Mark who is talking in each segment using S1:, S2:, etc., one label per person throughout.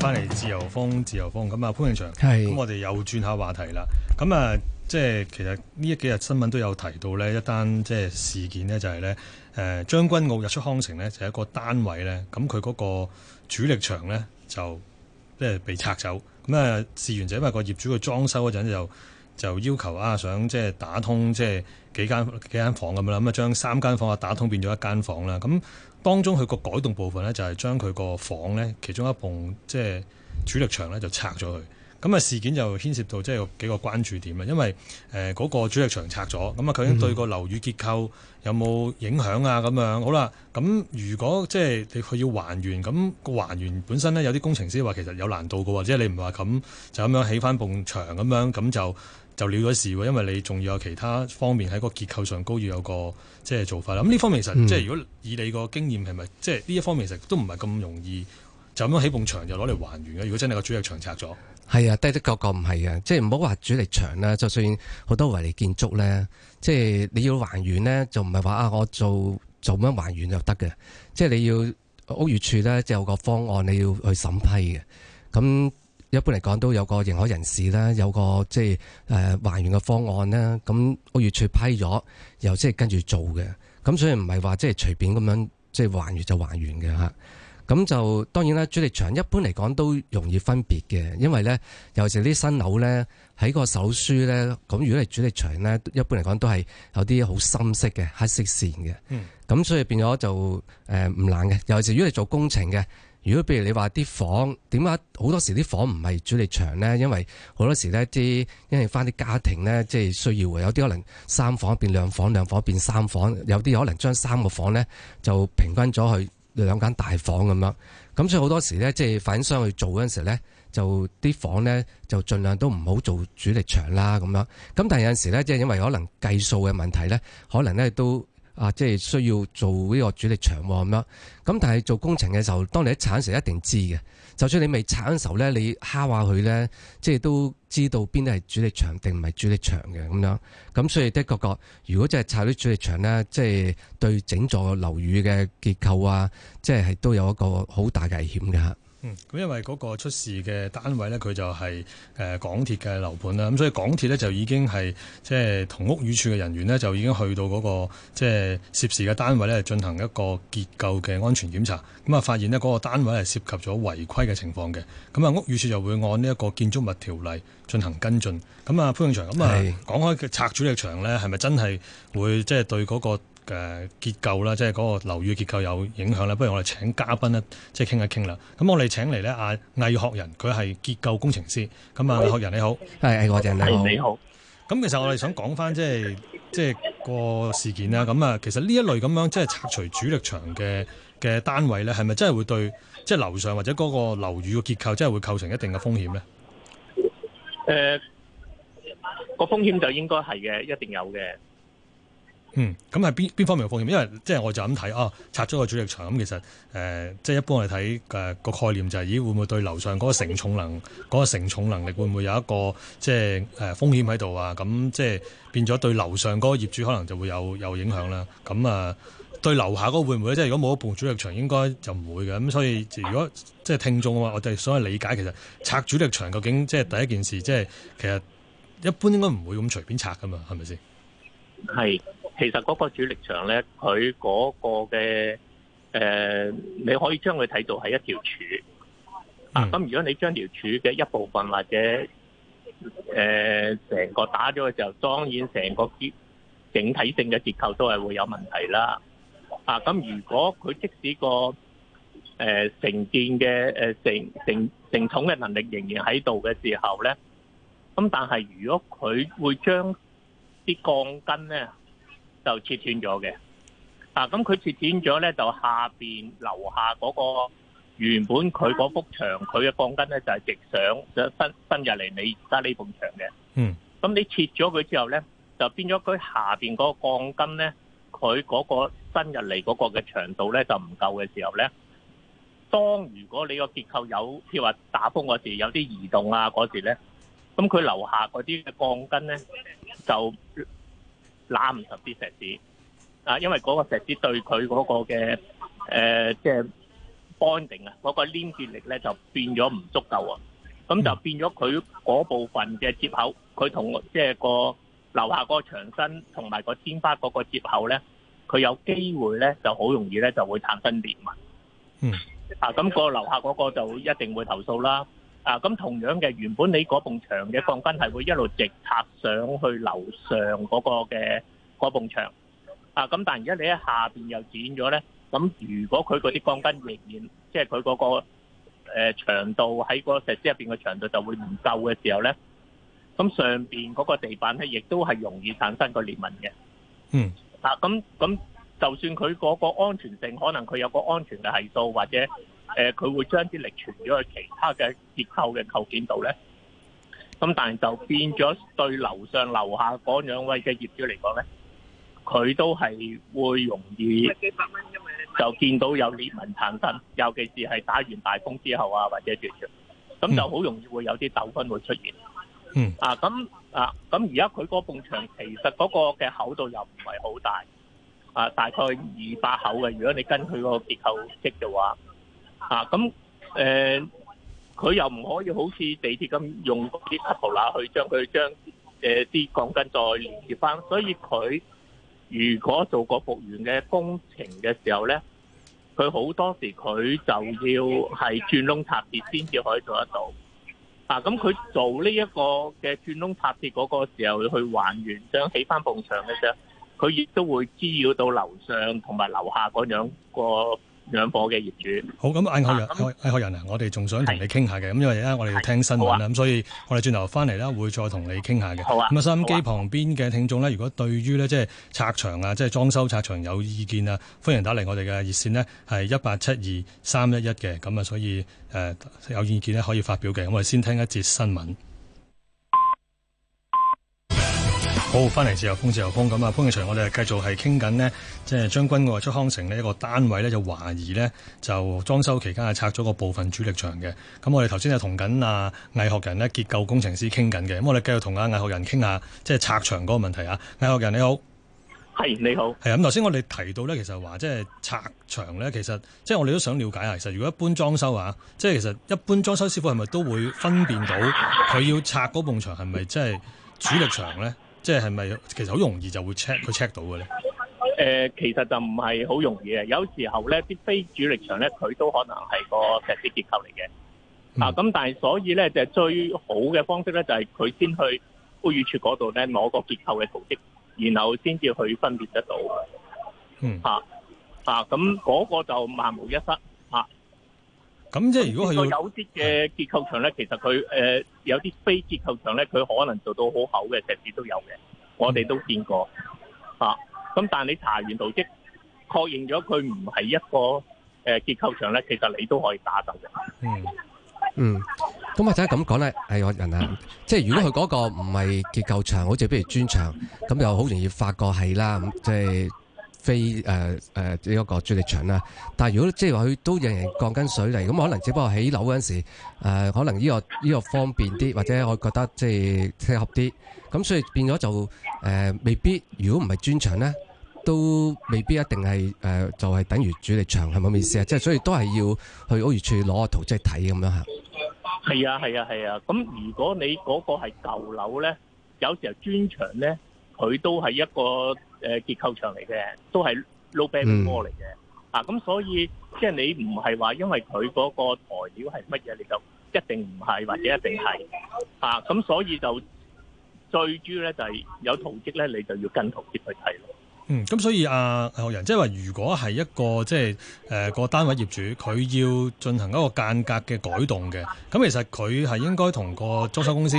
S1: 翻嚟自由風，自由風咁啊，潘永祥，咁是我哋又轉下話題啦。咁啊，即係其實呢一幾日新聞都有提到咧，一單即係事件咧，就是，就係咧，誒將軍澳日出康城咧，就一個單位咧，咁佢嗰個主力牆咧就即係被拆走。咁啊，事緣者因為個業主去裝修嗰陣就就要求啊，想即係打通即係。幾間幾間房咁啦，咁啊將三間房啊打通變咗一間房啦。咁當中佢個改動部分咧，就係將佢個房咧其中一棟即係主力牆咧就拆咗佢。咁啊事件就牽涉到即係幾個關注點啦。因為嗰個主力牆拆咗，咁啊究竟對個樓宇結構有冇影響啊？咁樣、嗯、好啦。咁如果即係你佢要還原，咁還原本身咧有啲工程師話其實有難度嘅喎，或者即係你唔係話咁就咁樣起翻棟牆咁樣咁就。就了咗事喎，因為你仲要有其他方面喺個結構上高要有個即係做法啦。咁呢方面其實、嗯、即係如果以你個經驗係咪即係呢一方面其實都唔係咁容易就咁樣起埲牆就攞嚟還原嘅？如果真係個主力牆拆咗，
S2: 係啊，的的確確唔係嘅，即係唔好話主力牆啦。就算好多違例建築咧，即係你要還原咧，就唔係話啊我做做咁樣還原就得嘅，即係你要屋宇署咧就有個方案你要去審批嘅，咁。一般嚟講都有個認可人士啦，有個即係誒還原嘅方案啦，咁我屋宇署批咗，又即係跟住做嘅，咁所以唔係話即係隨便咁樣即係、就是、還原就還原嘅咁、嗯、就當然啦，主力牆一般嚟講都容易分別嘅，因為咧尤其是啲新樓咧喺個手書咧，咁如果係主力牆咧，一般嚟講都係有啲好深色嘅黑色線嘅，咁、嗯、所以變咗就唔、呃、難嘅。尤其如果你做工程嘅。如果譬如你話啲房點解好多時啲房唔係主力牆呢？因為好多時咧啲因為返啲家庭呢，即係需要有啲可能三房變兩房，兩房變三房，有啲可能將三個房呢就平均咗去兩間大房咁樣。咁所以好多時呢，即係發展商去做嗰陣時咧，就啲房呢就盡量都唔好做主力牆啦咁樣。咁但係有陣時呢，即係因為可能計數嘅問題呢，可能呢都。啊，即係需要做呢個主力牆喎，咁樣。咁但係做工程嘅時候，當你喺拆時一定知嘅。就算你未拆嗰陣時候咧，你敲下佢咧，即係都知道邊啲係主力牆，定唔係主力牆嘅咁樣。咁所以的確個，如果真係拆啲主力牆咧，即係對整座樓宇嘅結構啊，即係係都有一個好大嘅危險嘅㗎。嗯，
S1: 咁因為嗰個出事嘅單位呢，佢就係、是、誒、呃、港鐵嘅樓盤啦，咁所以港鐵呢，就已經係即係同屋宇署嘅人員呢，就已經去到嗰、那個即係、就是、涉事嘅單位呢，進行一個結構嘅安全檢查，咁、嗯、啊發現呢嗰、那個單位係涉及咗違規嘅情況嘅，咁、嗯、啊屋宇署就會按呢一個建築物條例進行跟進，咁、嗯、啊潘永祥，咁、嗯、啊是講開拆主力牆呢，係咪真係會即係、就是、對嗰、那個？嘅結構啦，即係嗰個樓宇嘅結構有影響啦。不如我哋請嘉賓咧，即係傾一傾啦。咁我哋請嚟咧，阿倪學仁，佢係結構工程師。咁啊，倪學仁你好，係我哋，你好。咁其實我哋想講翻即係即係個事件啦。咁啊，其實呢一類咁樣即係、就是、拆除主力牆嘅嘅單位咧，係咪真係會對即係、就是、樓上或者嗰個樓宇嘅結構真係會構成一定嘅風險咧？
S3: 誒、呃，個風險就應該係嘅，一定有嘅。
S1: 嗯，咁係邊邊方面嘅風險？因為即係我就咁睇啊，拆咗個主力牆咁，其實誒、呃，即係一般我哋睇誒個概念就係，咦，會唔會對樓上嗰個承重能、嗰個承重能力會唔會有一個即係誒、呃、風險喺度啊？咁即係變咗對樓上嗰個業主可能就會有有影響啦。咁、嗯、啊，對樓下嗰會唔會？即係如果冇一部主力牆，應該就唔會嘅。咁所以如果即係聽眾嘅話，我哋想理解，其實拆主力牆究竟即係第一件事，即係其實一般應該唔會咁隨便拆噶嘛，係咪先？
S3: 係。其實嗰個主力牆咧，佢嗰個嘅誒、呃，你可以將佢睇到係一條柱、嗯、啊。咁如果你將條柱嘅一部分或者誒成、呃、個打咗嘅時候，當然成個結整體性嘅結構都係會有問題啦。啊，咁、啊、如果佢即使個誒承建嘅誒承承承重嘅能力仍然喺度嘅時候咧，咁但係如果佢會將啲鋼筋咧，就切斷咗嘅，啊咁佢切斷咗咧，就下邊樓下嗰個原本佢嗰幅牆，佢嘅鋼筋咧就係直上，就伸伸入嚟你而家呢埲牆嘅。嗯，咁你切咗佢之後咧，就變咗佢下邊嗰個鋼筋咧，佢嗰個伸入嚟嗰個嘅長度咧就唔夠嘅時候咧，當如果你個結構有譬如話打風嗰時有啲移動啊嗰時咧，
S2: 咁佢樓下
S3: 嗰啲嘅鋼筋咧就。攬唔實啲石子啊，因為嗰個石子對佢嗰、嗰個嘅誒即係 bonding 啊，嗰、呃即係、個黏結力咧就變咗唔足夠啊，咁就變咗佢嗰部分嘅接口，佢同即係個樓下個牆身同埋個天花嗰個接口咧，佢有機會咧就好容易咧就會產生裂紋。嗯 啊，咁、嗰個樓下嗰個就一定會投訴啦。啊，咁同樣嘅原本你嗰棟牆嘅鋼筋係會一路直，直插上去樓上嗰個嘅嗰棟牆，啊咁，但係而家你喺下邊又剪咗咧，咁如果佢嗰啲鋼筋仍然即係佢嗰個誒、呃、長度喺個石屎入邊嘅長度就會唔夠嘅時候咧，咁上邊嗰個地板咧亦都係容易產生個裂紋嘅。嗯。啊，咁咁就算佢嗰個安全性可能佢有個安全嘅係數或者。誒，佢會將啲力傳咗去其他嘅結構嘅構件度咧。咁但係就變咗對樓上樓下嗰兩位嘅業主嚟講咧，佢都係會容易，幾百蚊就見到有裂紋產生，尤其是係打完大風之後啊，或者住全，咁就好容易會有啲糾紛會出現。嗯啊。啊，咁啊，咁而家佢嗰埲牆其實嗰個嘅厚度又唔係好大。啊，大概二百厚嘅。如果你跟佢個結構積嘅話。啊，咁誒，佢又唔可以好似地鐵咁用啲插頭啦，去將佢將誒啲鋼筋再連接翻。所以佢如果做過復原嘅工程嘅時候咧，佢好多時佢就要係轉窿拆鐵先至可以做得到。啊，咁佢做呢一個嘅轉窿拆鐵嗰個時候去還原，將起翻埲牆嘅啫。佢亦都會滋擾到樓上同埋樓下嗰兩個兩
S1: 房嘅業主，好咁。艾克人，艾克、啊嗯、人啊！我哋仲想同你傾下嘅，咁是因為呢，我哋要聽新聞啦，咁、啊、所以我哋轉頭翻嚟啦，會再同你傾下嘅。咁啊，收音機旁邊嘅聽眾呢，如果對於呢，即、就、係、是、拆牆啊，即、就、係、是、裝修拆牆有意見啊，歡迎打嚟我哋嘅熱線呢，係一八七二三一一嘅。咁啊，所以誒、呃、有意見呢，可以發表嘅。咁我哋先聽一節新聞。好，翻嚟自由風，自由風。咁啊！潘、嗯、永祥，我哋繼續係傾緊呢即係將軍澳日出康城呢一個單位咧，就懷疑咧就裝修期間係拆咗個部分主力牆嘅。咁、嗯、我哋頭先係同緊啊倪學仁咧結構工程師傾緊嘅，咁、嗯、我哋繼續同阿、啊、倪學仁傾下即係、就是、拆牆嗰個問題啊！倪學仁你好，
S3: 係你好，
S1: 係啊！咁頭先我哋提到咧，其實話即係拆牆咧，其實即係我哋都想了解下。其實如果一般裝修啊，即係其實一般裝修師傅係咪都會分辨到佢要拆埲牆係咪即係主力牆咧？即係係咪其實好容易就會 check 佢 check 到嘅
S3: 咧？誒、呃，其實就唔係好容易嘅。有時候咧，啲非主力牆咧，佢都可能係個石屎結構嚟嘅。啊，咁但係所以咧，就係最好嘅方式咧，就係佢先去屋宇署嗰度咧，攞個結構嘅圖則，然後先至去分別得到。嗯。嚇嚇，咁嗰個就萬無一失。咁即係如果佢有啲嘅結構牆咧，其實佢誒、呃、有啲非結構牆咧，佢可能做到好厚嘅石屎都有嘅，我哋都見過、嗯、啊。咁但係你查完圖則，確認咗佢唔係一個誒結構牆咧，其實你都可以打走嘅。嗯，
S2: 嗯，咁或者咁講咧。哎我人啊，嗯、即係如果佢嗰個唔係結構牆，好似譬如磚牆，咁又好容易發覺係啦。即、就、係、是。非誒誒呢一個主力牆啦，但係如果即係話佢都仍然降緊水泥，咁可能只不過起樓嗰陣時誒，可能呢個呢個方便啲，或者我覺得即係適合啲，咁所以變咗就誒未必，如果唔係磚牆咧，都未必一定係誒就係等於主力牆，係咪咁意思啊？即係所以都係要去屋宇署攞個圖則睇咁樣嚇。
S3: 係啊係啊係啊！咁如果你嗰個係舊樓咧，有時候磚牆咧，佢都係一個，誒結構牆嚟嘅，都係 load bearing wall 嚟嘅。嗯、啊，咁所以即係你唔係話因為佢嗰個材料係乜嘢，你就一定唔係或者一定係。啊，咁所以就最主要咧就係有圖則咧，你就要跟圖則去睇咯。嗯，
S1: 咁所以阿、啊、學仁即係話，就是、如果係一個即係誒個單位業主，佢要進行一個間隔嘅改動嘅，咁其實佢係應該同個裝修公司。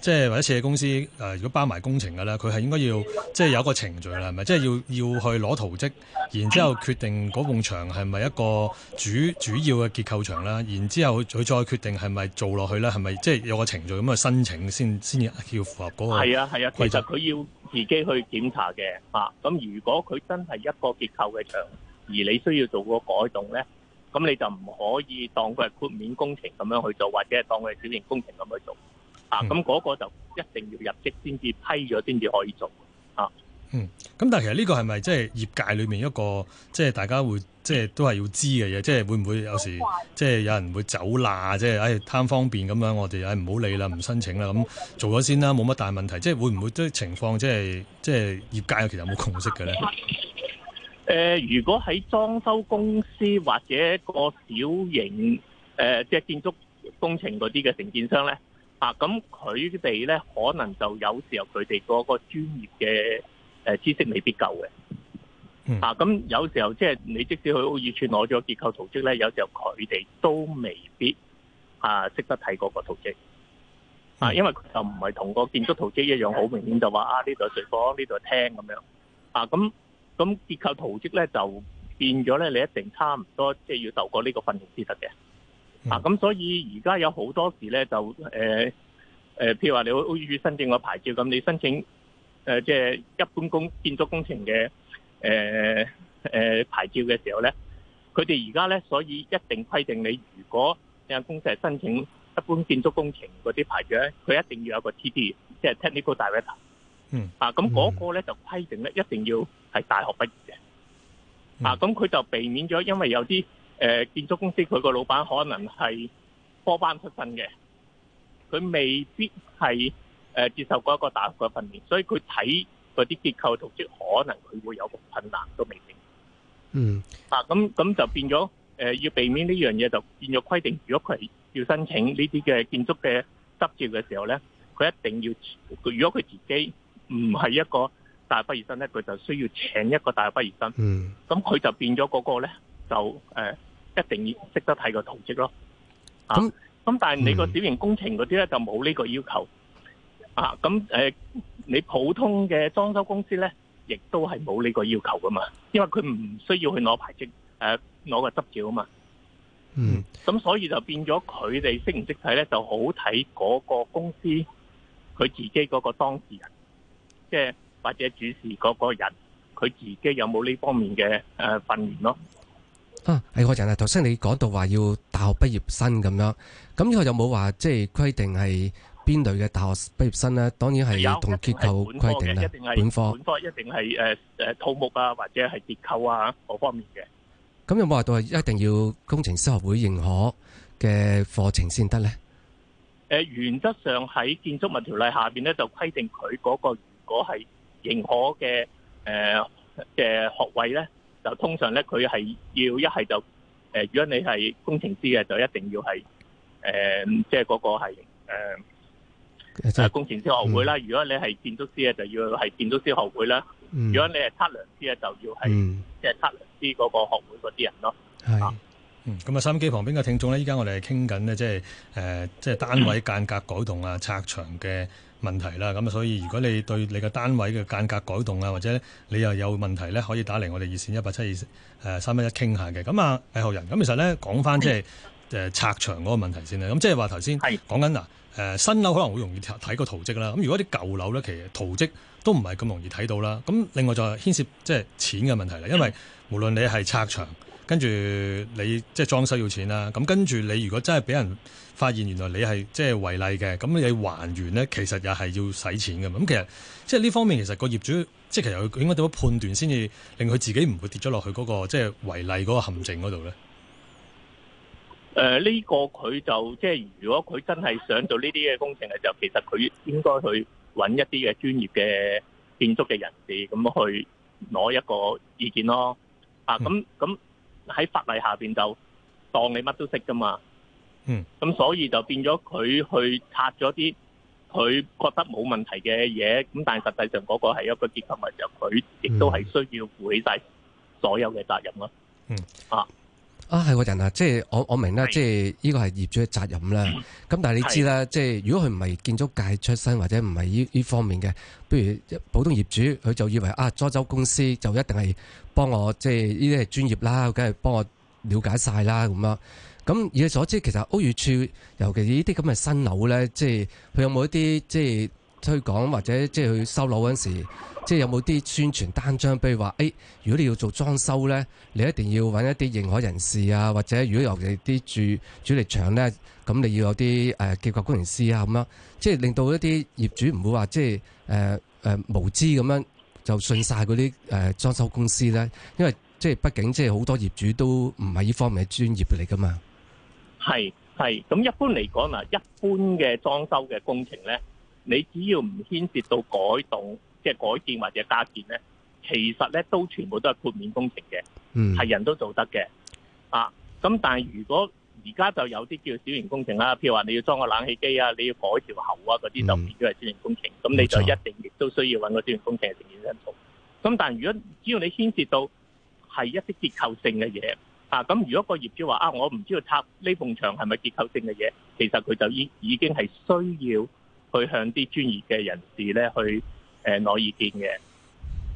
S1: 即係或者設計公司、呃、如果包埋工程嘅咧，佢係應該要即係有個程序啦，係咪？即係要要去攞圖則，然之後決定嗰棟牆係咪一個主主要嘅結構牆啦，然之後佢再決定係咪做落去啦，係咪即係有個程序咁去申請先先至要符合嗰個？係啊係啊，其實佢
S3: 要自己去檢查嘅咁、啊、如果佢真係一個結構嘅牆，而你需要做個改動咧，咁你就唔可以當佢係豁免工程咁樣去做，或者係當佢係小型工程咁去做。啊，咁嗰、嗯、個就一定要入則先至批咗，先至可以做啊。嗯，
S1: 咁但係其實呢個係咪即係業界裏面一個即係、就是、大家會即係、就是、都係要知嘅嘢？即、就、係、是、會唔會有時即係、就是、有人會走啦即係唉貪方便咁樣，我哋唉唔好理啦，唔申請啦，咁做咗先啦，冇乜大問題。即、就、係、是、會唔會啲情況即係即係業界其實有冇共識嘅咧？
S3: 誒、呃，如果喺裝修公司或者一個小型誒即係建築工程嗰啲嘅承建商咧？啊，咁佢哋咧可能就有時候佢哋嗰個專業嘅知識未必夠嘅。嗯、啊，咁有時候即係、就是、你即使去屋宇署攞咗結構圖則咧，有時候佢哋都未必啊識得睇嗰個圖則。啊，因為就唔係同個建築圖則一樣好明顯就，就話啊呢度係廚房，呢度係廳咁樣。啊，咁咁結構圖則咧就變咗咧，你一定差唔多即係、就是、要受過呢個訓練先得嘅。啊，咁所以而家有好多時咧，就誒、呃呃、譬如話你好，好似申請個牌照咁，你申請誒即係一般工建築工程嘅誒、呃呃、牌照嘅時候咧，佢哋而家咧，所以一定規定你如果你間公司係申請一般建築工程嗰啲牌照咧，佢一定要有個 T D，即係 Technical Director。嗯。啊，咁嗰個咧、嗯、就規定咧，一定要係大學畢業嘅。啊，咁佢就避免咗，因為有啲。誒建築公司佢個老闆可能係科班出身嘅，佢未必係誒接受過一個大學嘅訓練，所以佢睇嗰啲結構的圖紙，可能佢會有個困難都未定。嗯，啊，咁咁就變咗誒、呃，要避免呢樣嘢，就變咗規定。如果佢要申請呢啲嘅建築嘅執照嘅時候咧，佢一定要，如果佢自己唔係一個大學畢業生咧，佢就需要請一個大學畢業生。嗯，咁佢就變咗嗰個咧，就誒。呃一定要識得睇個圖則咯。咁、啊、咁但係你個小型工程嗰啲咧就冇呢個要求，嗯、啊咁誒、呃、你普通嘅裝修公司咧，亦都係冇呢個要求噶嘛，因為佢唔需要去攞牌、啊、牌照，誒攞個執照啊嘛，嗯，咁、啊、所以就變咗佢哋識唔識睇咧，就好睇嗰個公司佢自己嗰個當事人，即係或者主持嗰個人，佢自己有冇呢方面嘅誒訓練咯。
S2: 啊，係學仁啊！頭先你講到話要大學畢業生咁樣，咁呢個有冇話即係規定係邊類嘅大學畢業生咧？當然係同結構規定啦。一定係本
S3: 科，一定係本科，本科一定係誒誒，土木啊或者係結構啊，各方面嘅。
S2: 咁有冇話到係一定要工程師學會認可嘅課程先得咧？
S3: 誒，原則上喺建築物條例下邊咧，就規定佢嗰個如果係認可嘅誒嘅學位咧。通常咧，佢係要一係就誒、呃，如果你係工程師嘅，就一定要係誒、呃，即係嗰個係誒、呃、是工程師學會啦；嗯、如果你係建築師嘅，就要係建築師學會啦；嗯、如果你係測量師嘅，就要係、嗯、即係測量師嗰個學會嗰啲人咯。係是。啊、嗯，
S1: 咁啊，收音機旁邊嘅聽眾咧，依家我哋係傾緊咧，即係誒、呃，即係單位間隔改動啊、嗯、拆牆嘅。問題啦，咁所以如果你對你個單位嘅間隔改動啊，或者你又有問題咧，可以打嚟我哋熱線 2,、呃、11, 一八七二誒三一一傾下嘅。咁啊，倪學仁，咁其實咧講返即係拆牆嗰個問題先啦，咁即係話頭先講緊嗱，新樓可能會容易睇個圖則啦，咁如果啲舊樓咧，其實圖則都唔係咁容易睇到啦。咁另外就牽涉即係、就是、錢嘅問題啦，因為無論你係拆牆。跟住你即係裝修要錢啦，啊，咁跟住你如果真係俾人發現原來你係即係違例嘅，咁你還原咧，其實又係要使錢嘅嘛。咁其實即係呢方面，其實個業主即係、那個就是呃這個、其實佢應該點樣判斷先至令佢自己唔會跌咗落去嗰個即係違例嗰個陷阱嗰度
S3: 咧？誒，呢個佢就即係如果佢真係想做呢啲嘅工程嘅時候，其實佢應該去揾一啲嘅專業嘅建築嘅人士咁去攞一個意見咯。啊，咁咁。嗯喺法例下面就當你乜都識㗎嘛，嗯，咁所以就變咗佢去拆咗啲佢覺得冇問題嘅嘢，咁但係實際上嗰個係一個結構物，就佢亦都係需要負起晒所有嘅責任咯，嗯，啊。
S2: 啊，係個人啊，即係我我明啦，是即係呢個係業主嘅責任啦。咁是但係你知啦，是即係如果佢唔係建築界出身或者唔係呢呢方面嘅，不如普通業主佢就以為啊，裝修公司就一定係幫我，即係呢啲係專業啦，梗係幫我了解晒啦咁樣。咁以你所知，其實屋宇署，尤其呢啲咁嘅新樓咧，即係佢有冇一啲即係？推廣或者即係去收樓嗰時，即係有冇啲宣傳單張？比如話，誒，如果你要做裝修咧，你一定要揾一啲認可人士啊，或者如果有啲住主力牆咧，咁你要有啲誒結構工程師啊，咁樣，即係令到一啲業主唔會話即係誒誒無知咁樣就信晒嗰啲誒裝修公司咧，因為即係畢竟即係好多業主都唔係呢方面嘅專業嚟噶嘛。
S3: 係
S2: 係，咁一般
S3: 嚟講啊，一般嘅裝修嘅工程咧。你只要唔牽涉到改動，即係改建或者加建咧，其實咧都全部都係豁免工程嘅，係、嗯、人都做得嘅啊。咁但係如果而家就有啲叫小型工程啦，譬如話你要裝個冷氣機啊，你要改條喉啊，嗰啲就變咗係小型工程。咁、嗯、你就一定亦都需要揾個小型工程承建商做。咁、嗯、但係如果只要你牽涉到係一啲結構性嘅嘢啊，咁如果個業主話啊，我唔知道拆呢埲牆係咪結構性嘅嘢，其實佢就已已經係需要。去向啲專業嘅人士咧，去、呃、攞意見嘅，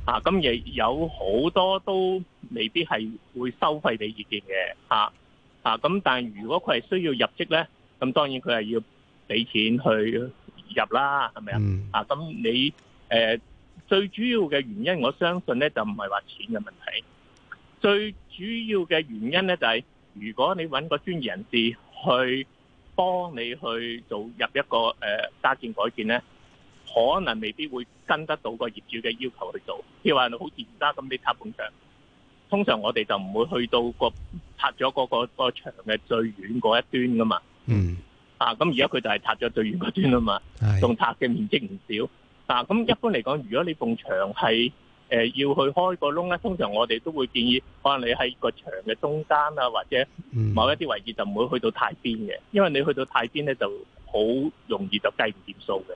S3: 啊、咁、亦有好多都未必係會收費俾意見嘅，啊，啊、咁、但係如果佢係需要入職咧，咁當然佢係要俾錢去入啦，係咪啊？mm. 啊，咁你、呃、最主要嘅原因，我相信咧就唔係話錢嘅問題，最主要嘅原因咧就係如果你搵個專業人士去。幫你去做入一個誒、呃、加建改建咧，可能未必會跟得到個業主嘅要求去做。譬如話好似而家，咁你拆埲牆，通常我哋就唔會去到、個拆咗嗰個、個牆嘅最遠嗰一端噶嘛。嗯。啊，咁而家佢就係拆咗最遠嗰端啊嘛。係。仲拆嘅面積唔少。啊，咁一般嚟講，如果你埲牆係。誒要去開個窿咧，通常我哋都會建議，可能你喺個牆嘅中間啊，或者某一啲位置就唔會去到太邊嘅。因為你去到太邊咧就好容易就計唔掂數嘅。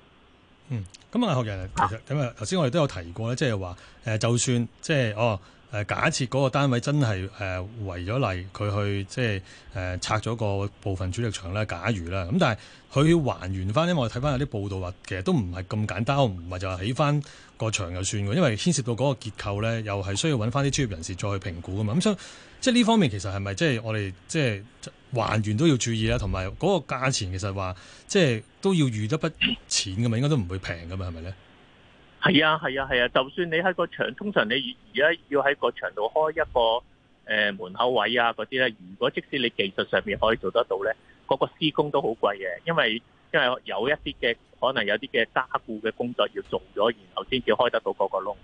S3: 嗯，
S1: 咁啊，學人其實咁啊，頭先我哋都有提過咧，誒，即係話就算即係哦。假設嗰個單位真係誒違咗例，佢去即係誒、呃、拆咗個部分主力場咧，假如啦，咁但係佢還原翻咧，因為我睇翻有啲報道話，其實都唔係咁簡單，唔係就係起翻個牆就算嘅，因為牽涉到嗰個結構咧，又係需要搵翻啲專業人士再去評估噶嘛。咁、嗯、所以即係呢方面其實係咪即係我哋即係還原都要注意啦，同埋嗰個價錢其實話即係都要預得筆錢咁嘛，應該都唔會平噶嘛，係咪咧？
S3: 係啊，係啊，係啊，啊！就算你喺個牆，通常你而家要喺個牆度開一個誒、呃、門口位啊嗰啲咧，如果即使你技術上面可以做得到咧，嗰、那個施工都好貴嘅，因為因為有一啲嘅可能有啲嘅加固嘅工作要做咗，然後先至開得到嗰個窿。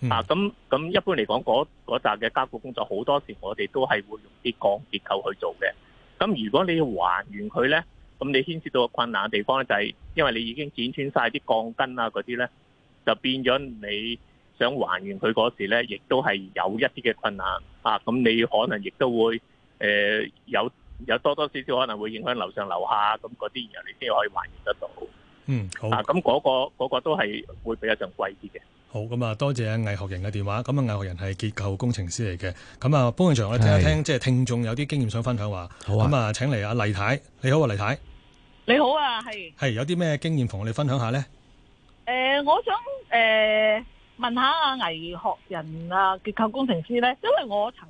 S3: 嗯、啊，咁咁一般嚟講，嗰嗰扎嘅加固工作好多時我哋都係會用啲鋼結構去做嘅。咁如果你要還原佢咧，咁你牽涉到個困難嘅地方咧、就是，就係因為你已經剪斷晒啲鋼筋啊嗰啲咧。那些呢就變咗你想還原佢嗰時咧，亦都係有一啲嘅困難啊！咁你可能亦都會、呃、有有多多少少可能會影響樓上樓下咁嗰啲，然後你先可以還原得到。嗯，好啊！咁嗰、嗰個嗰、嗰個、都係會比較仲
S1: 貴啲嘅。好咁啊，多謝阿倪學仁嘅電話。咁啊，倪學仁係結構工程師嚟嘅。咁啊，潘慶祥，我哋聽一聽，即係聽眾有啲經驗想分享話。好啊！咁啊，請嚟阿麗太，你好啊，麗太。
S4: 你好啊，係。
S1: 係有啲咩經驗同我哋分享下咧？
S4: 誒，我想誒問下阿倪學仁啊，結構工程師咧，因為我層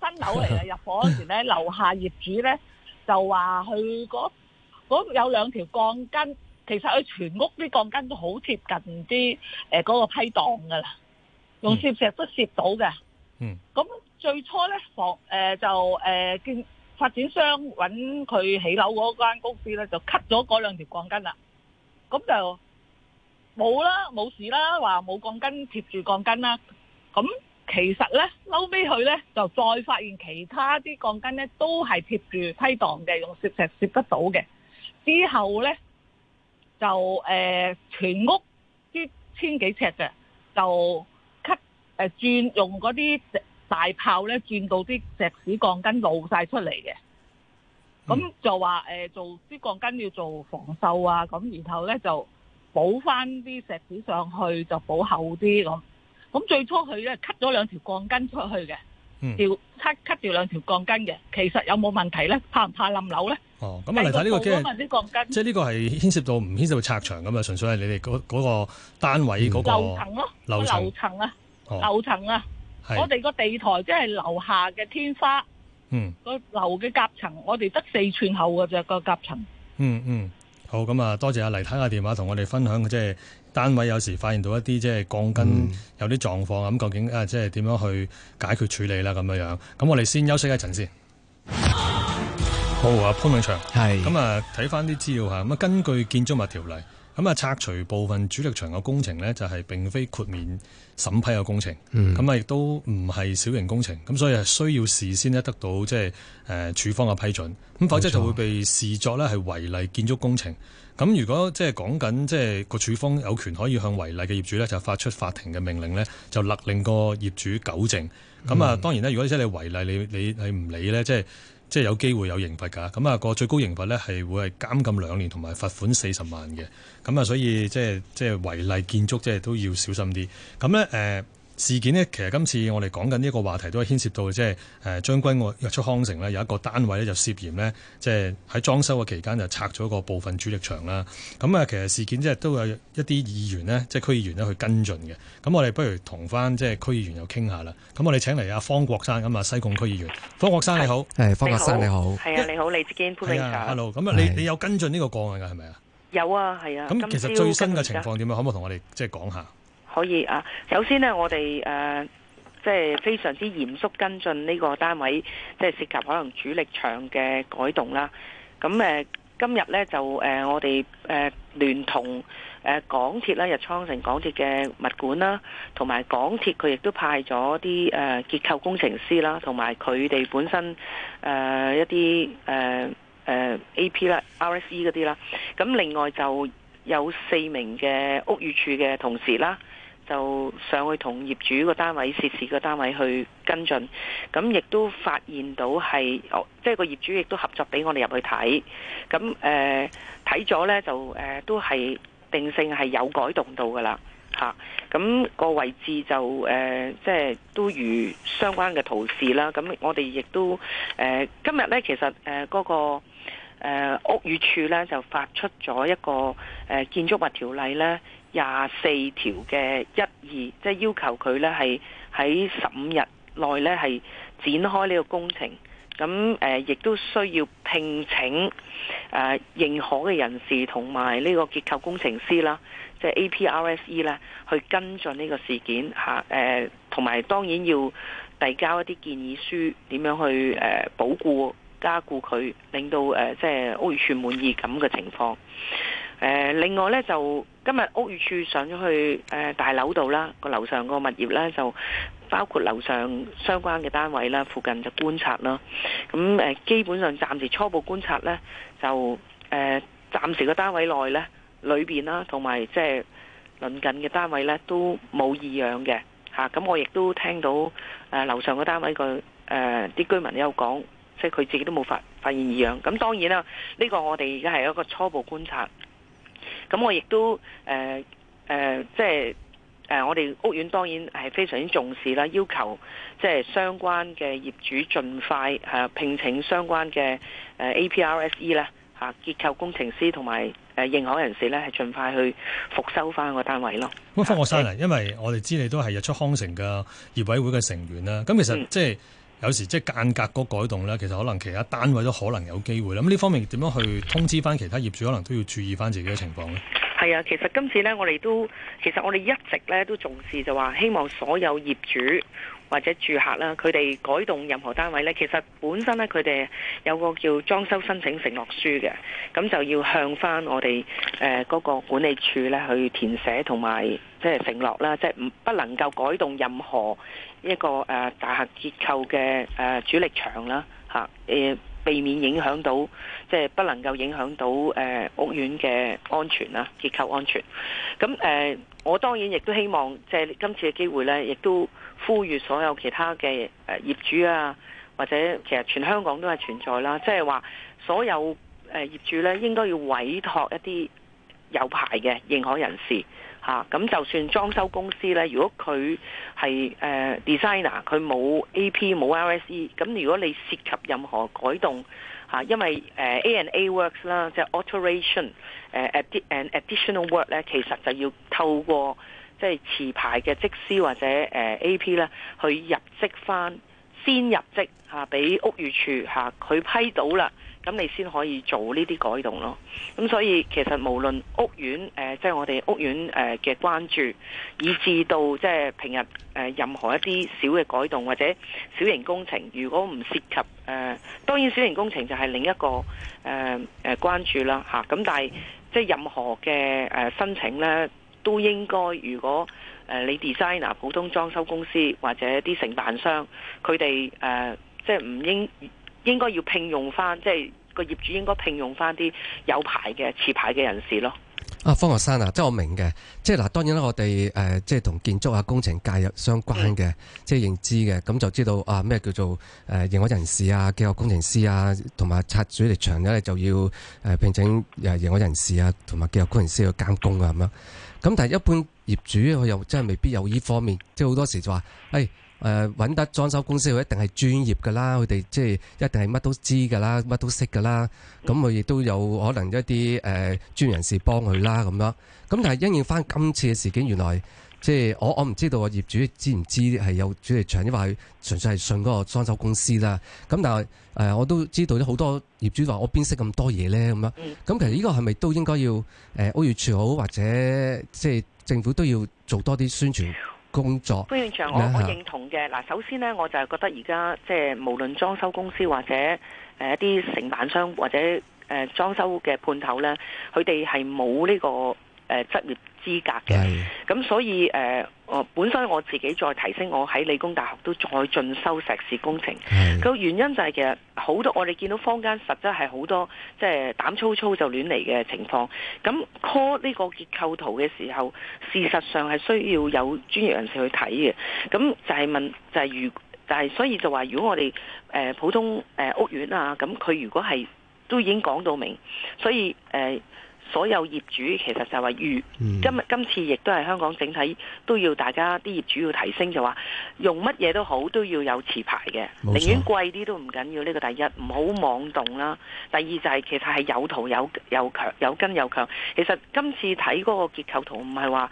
S4: 新樓嚟啊，入伙嗰時咧，樓下業主咧就話佢嗰度有兩條鋼筋，其實佢全屋啲鋼筋都好貼近啲誒嗰個批盪㗎喇，用攝石都攝到嘅。嗯，咁最初咧房誒就誒建發展商搵佢起樓嗰間公司咧就 cut 咗嗰兩條鋼筋啦，咁就。冇啦，冇事啦，話冇鋼筋貼住鋼筋啦。咁、嗯、其實呢，嬲尾佢呢，就再發現其他啲鋼筋呢，都係貼住梯檔嘅，用攝石攝得到嘅。之後呢，就誒、呃，全屋啲千幾尺嘅就轉誒、呃、轉用嗰啲大炮呢，轉到啲石屎鋼筋露晒出嚟嘅。咁、嗯、就話誒、呃、做啲鋼筋要做防鏽啊，咁然後呢，就。補翻啲石屎上去就補厚啲咯，咁最初佢咧 cut 咗兩條鋼筋出去嘅，掉 cut cut 掉兩條鋼筋嘅，其實有冇問題咧？怕唔怕冧樓咧？
S1: 哦，咁啊嚟睇呢個鋼
S4: 筋即係呢個
S1: 係牽涉到唔牽涉到拆牆咁啊？純粹係你哋嗰個單位嗰個樓層、嗯、
S4: 咯，樓層啊，樓層、哦、啊，是我哋個地台即係樓下嘅天花，嗯，個樓嘅夾層，我哋得四寸厚嘅啫個夾層，嗯嗯。
S1: 好，咁啊，多謝阿黎太嘅電話，同我哋分享，即係單位有時發現到一啲即係鋼筋有啲狀況咁、嗯嗯、究竟啊、呃，即係點樣去解決處理啦，咁樣樣，咁我哋先休息一陣先。好啊，潘永祥，係是，咁啊，睇翻啲資料吓，咁啊，根據建築物條例。咁啊，拆除部分主力牆嘅工程呢，就係、是、並非豁免審批嘅工程。咁啊、嗯，亦都唔係小型工程，咁所以係需要事先得到即係誒署方嘅批准。咁否則就會被視作咧，係違例建築工程。咁錯如果即係講緊即係個署方有權可以向違例嘅業主咧，就發出法庭嘅命令咧，就勒令個業主糾正。咁啊、嗯，當然啦，如果即係你違例，你你係唔理咧，即、就、係、是。即係有機會有刑罰㗎，咁啊個最高刑罰咧係會係監禁兩年同埋罰款四十萬嘅。咁啊所以即係即係違例建築即係都要小心啲，咁咧誒。呃事件呢，其實今次我哋講緊呢一個話題都係牽涉到，即係誒將軍澳約出康城呢有一個單位咧就涉嫌呢，即係喺裝修嘅期間就拆咗個部分主力牆啦。咁啊，其實事件即係都有一啲議員呢，即係區議員咧去跟進嘅。咁我哋不如同翻即係區議員又傾下啦。咁我哋請嚟阿方國生咁啊，西貢區議員。方國生，你好，誒方國生，你好，
S5: 係啊是你好，是你志堅潘榮 Hello，
S1: 咁啊你你有跟進呢個個案㗎係咪啊？有啊，係啊。
S5: 咁其實最新嘅情況
S1: 點啊？的可唔可以同我哋即係講下？
S5: 可以啊，首先呢，我哋誒即係非常之嚴肅跟進呢個單位，即、就、係、是、涉及可能主力牆嘅改動啦。咁誒、呃、今日呢，就誒、呃、我哋誒聯同誒、呃、港鐵啦、日出康城港鐵嘅物管啦，同埋港鐵佢亦都派咗啲誒結構工程師啦，同埋佢哋本身誒、呃、一啲誒誒 AP 啦、RSE 嗰啲啦。咁另外就。有四名嘅屋宇署嘅同事啦，就上去同業主個單位、涉事個單位去跟進，咁亦都發現到係，即係個業主亦都合作俾我哋入去睇，咁誒睇咗呢，就誒、呃、都係定性係有改動到噶啦嚇，咁、嗰個位置就誒即係都如相關嘅圖示啦，咁我哋亦都誒、呃、今日呢，其實誒嗰、呃嗰個。誒屋宇署咧就發出咗一個誒建築物條例咧廿四條嘅一二，即係要求佢咧係喺十五日內咧係展開呢個工程。咁誒亦都需要聘請誒認可嘅人士同埋呢個結構工程師啦，即係 APRSE 咧去跟進呢個事件嚇誒，同埋當然要遞交一啲建議書，點樣去誒保護加固佢，令到誒即係屋宇署滿意咁嘅情況。誒，另外呢就今日屋宇署上咗去誒大樓度啦，個樓上個物業呢就包括樓上相關嘅單位啦，附近就觀察啦。咁誒，基本上暫時初步觀察呢，就誒暫時個單位內呢裏邊啦，同埋即係鄰近嘅單位呢都冇異樣嘅嚇。咁我亦都聽到誒樓上個單位個誒啲居民有講。即佢自己都冇發發現異樣，咁當然啦，呢、這個我哋而家係一個初步觀察。咁我亦都誒誒、呃呃，即係誒、呃、我哋屋苑當然係非常之重視啦，要求即係相關嘅業主盡快誒、啊、聘請相關嘅誒、啊、APRSE 啦、啊、嚇結構工程師同埋誒認可人士咧，係、啊、盡快去復修翻個單位咯。
S1: 咁翻我晒啦，啊、因為我哋知你都係日出康城嘅業委會嘅成員啦，咁其實即係。嗯有時即係間隔個改動咧，其實可能其他單位都可能有機會。咁呢方面點樣去通知翻其他業主，可能都要注意翻自己嘅情況呢？
S5: 係啊，其實今次咧，我哋都其實我哋一直咧都重視就話，希望所有業主。或者住客啦，佢哋改動任何單位咧，其實本身咧，佢哋有個叫裝修申請承諾書嘅，咁就要向翻我哋誒嗰個管理處咧去填寫同埋即係承諾啦，即係唔不能夠改動任何一個誒大廈結構嘅誒主力牆啦吓誒避免影響到即係、就是、不能夠影響到誒屋苑嘅安全啦，結構安全。咁誒我當然亦都希望即係今次嘅機會咧，亦都。呼籲所有其他嘅業主啊，或者其實全香港都係存在啦，即係話所有業主咧，應該要委託一啲有牌嘅認可人士吓。咁就算裝修公司咧，如果佢係 designer，佢冇 AP 冇 RSE，咁如果你涉及任何改動、啊、因為 A and A works 啦，即係 alteration 誒 additional work 咧，其實就要透過。即係持牌嘅則師或者 A.P. 咧，去入則翻，先入則嚇，俾屋宇署嚇、啊、佢批到啦，咁你先可以做呢啲改動咯。咁所以其實無論屋苑即係我哋屋苑嘅關注，以至到即係平日任何一啲小嘅改動或者小型工程，如果唔涉及、啊、當然小型工程就係另一個關注啦嚇。咁但係即係任何嘅申請咧。都應該，如果誒、呃、你 design 啊，普通裝修公司或者啲承辦商，佢哋誒即係唔應應該要聘用翻，即係個業主應該聘用翻啲有牌嘅持牌嘅人士咯。
S2: 啊，方學生啊，即係我明嘅，即係嗱，當然啦，我哋誒、呃、即係同建築啊、工程介入相關嘅，嗯、即係認知嘅，咁就知道啊咩叫做誒認可人士啊、結構工程師啊，同埋拆主力牆咧就要誒聘請誒認可人士啊，同埋結構工程師去監工啊咁樣。咁但係一般業主佢又真係未必有呢方面，即係好多時就話，誒誒揾得裝修公司佢一定係專業㗎啦，佢哋即係一定係乜都知㗎啦，乜都識㗎啦，咁佢亦都有可能一啲誒專業人士幫佢啦咁樣。咁但係因應翻今次嘅事件，原來。即係我我唔知道啊，業主知唔知係有主力牆，因為佢純粹係信嗰個裝修公司啦。咁但係誒我都知道咧，好多業主話我邊識咁多嘢咧？咁樣，咁其實呢個係咪都應該要誒屋宇署好，或者即係政府都要做多啲宣傳工作。觀
S5: 念上我我認同嘅。嗱，首先咧，我就係覺得而家即係無論裝修公司或者誒一啲承辦商或者誒裝修嘅判頭咧，佢哋係冇呢個誒執、呃、業。資格嘅，咁是的 所以誒，我、呃、本身我自己再提升，我喺理工大學都再進修碩士工程。個是的 原因就係其實好多我哋見到坊間實質係好多即係、就是、膽粗粗就亂嚟嘅情況。咁 call 呢個結構圖嘅時候，事實上係需要有專業人士去睇嘅。咁就係問，就係、是、如，但、就、係、是、所以就話，如果我哋誒、呃、普通誒、呃、屋苑啊，咁佢如果係都已經講到明，所以誒。呃所有業主其實就係話預今日今次亦都係香港整體都要大家啲業主要提升就話用乜嘢都好都要有持牌嘅，寧願貴啲都唔緊要。呢個第一，唔好妄動啦。第二就係其實係有圖有有強有根有強。其實今次睇嗰個結構圖唔係話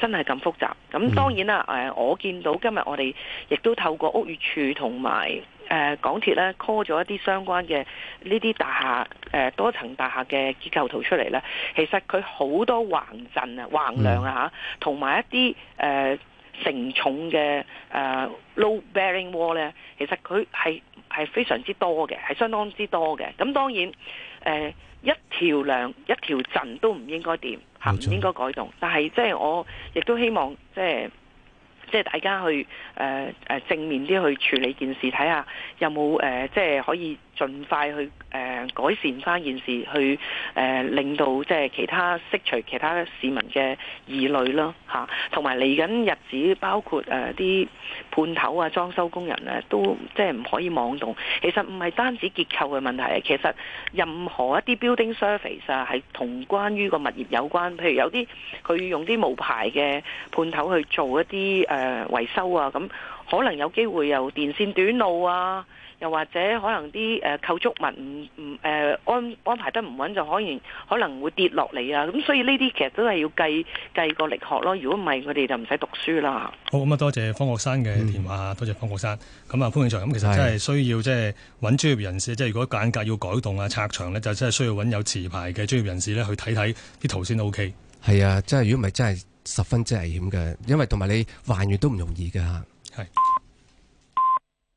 S5: 真係咁複雜。咁當然啦、嗯呃、我見到今日我哋亦都透過屋宇署同埋。誒、呃、港鐵咧 call 咗一啲相關嘅呢啲大廈誒、呃、多層大廈嘅結構圖出嚟，呢其實佢好多橫陣啊、橫梁啊同埋一啲誒承重嘅誒、呃、load bearing wall 咧，其實佢係係非常之多嘅，係相當之多嘅。咁當然誒、呃、一條梁一條陣都唔應該掂嚇，唔錯應該改動。但係即係我亦都希望即係。即係大家去誒誒正面啲去處理件事，睇下，有冇誒，即係可以。盡快去改善翻件事，去令到即係其他釋除其他市民嘅疑慮咯嚇，同埋嚟緊日子，包括啲判頭啊、裝修工人咧，都即係唔可以妄動。其實唔係單止結構嘅問題，其實任何一啲 building service 啊，係同關於個物業有關。譬如有啲佢用啲無牌嘅判頭去做一啲、呃、維修啊，咁可能有機會有電線短路啊。又或者可能啲誒構築物唔唔安安排得唔穩，就可以可能會跌落嚟啊！咁所以呢啲其實都係要計計個力學咯。如果唔係，佢哋就唔使
S1: 讀書啦。好，咁啊！多謝方國珊嘅電話，嗯、多謝方國珊。咁、嗯、啊，潘永祥，咁其實真係需要即係揾專業人士。即係如果間隔要改動啊、拆牆咧，就真係需要揾有持牌嘅專業人士咧去睇睇啲圖先 OK。係啊，即
S2: 係如果唔係，真係十分之危險嘅，因為同埋你還原都唔容易㗎。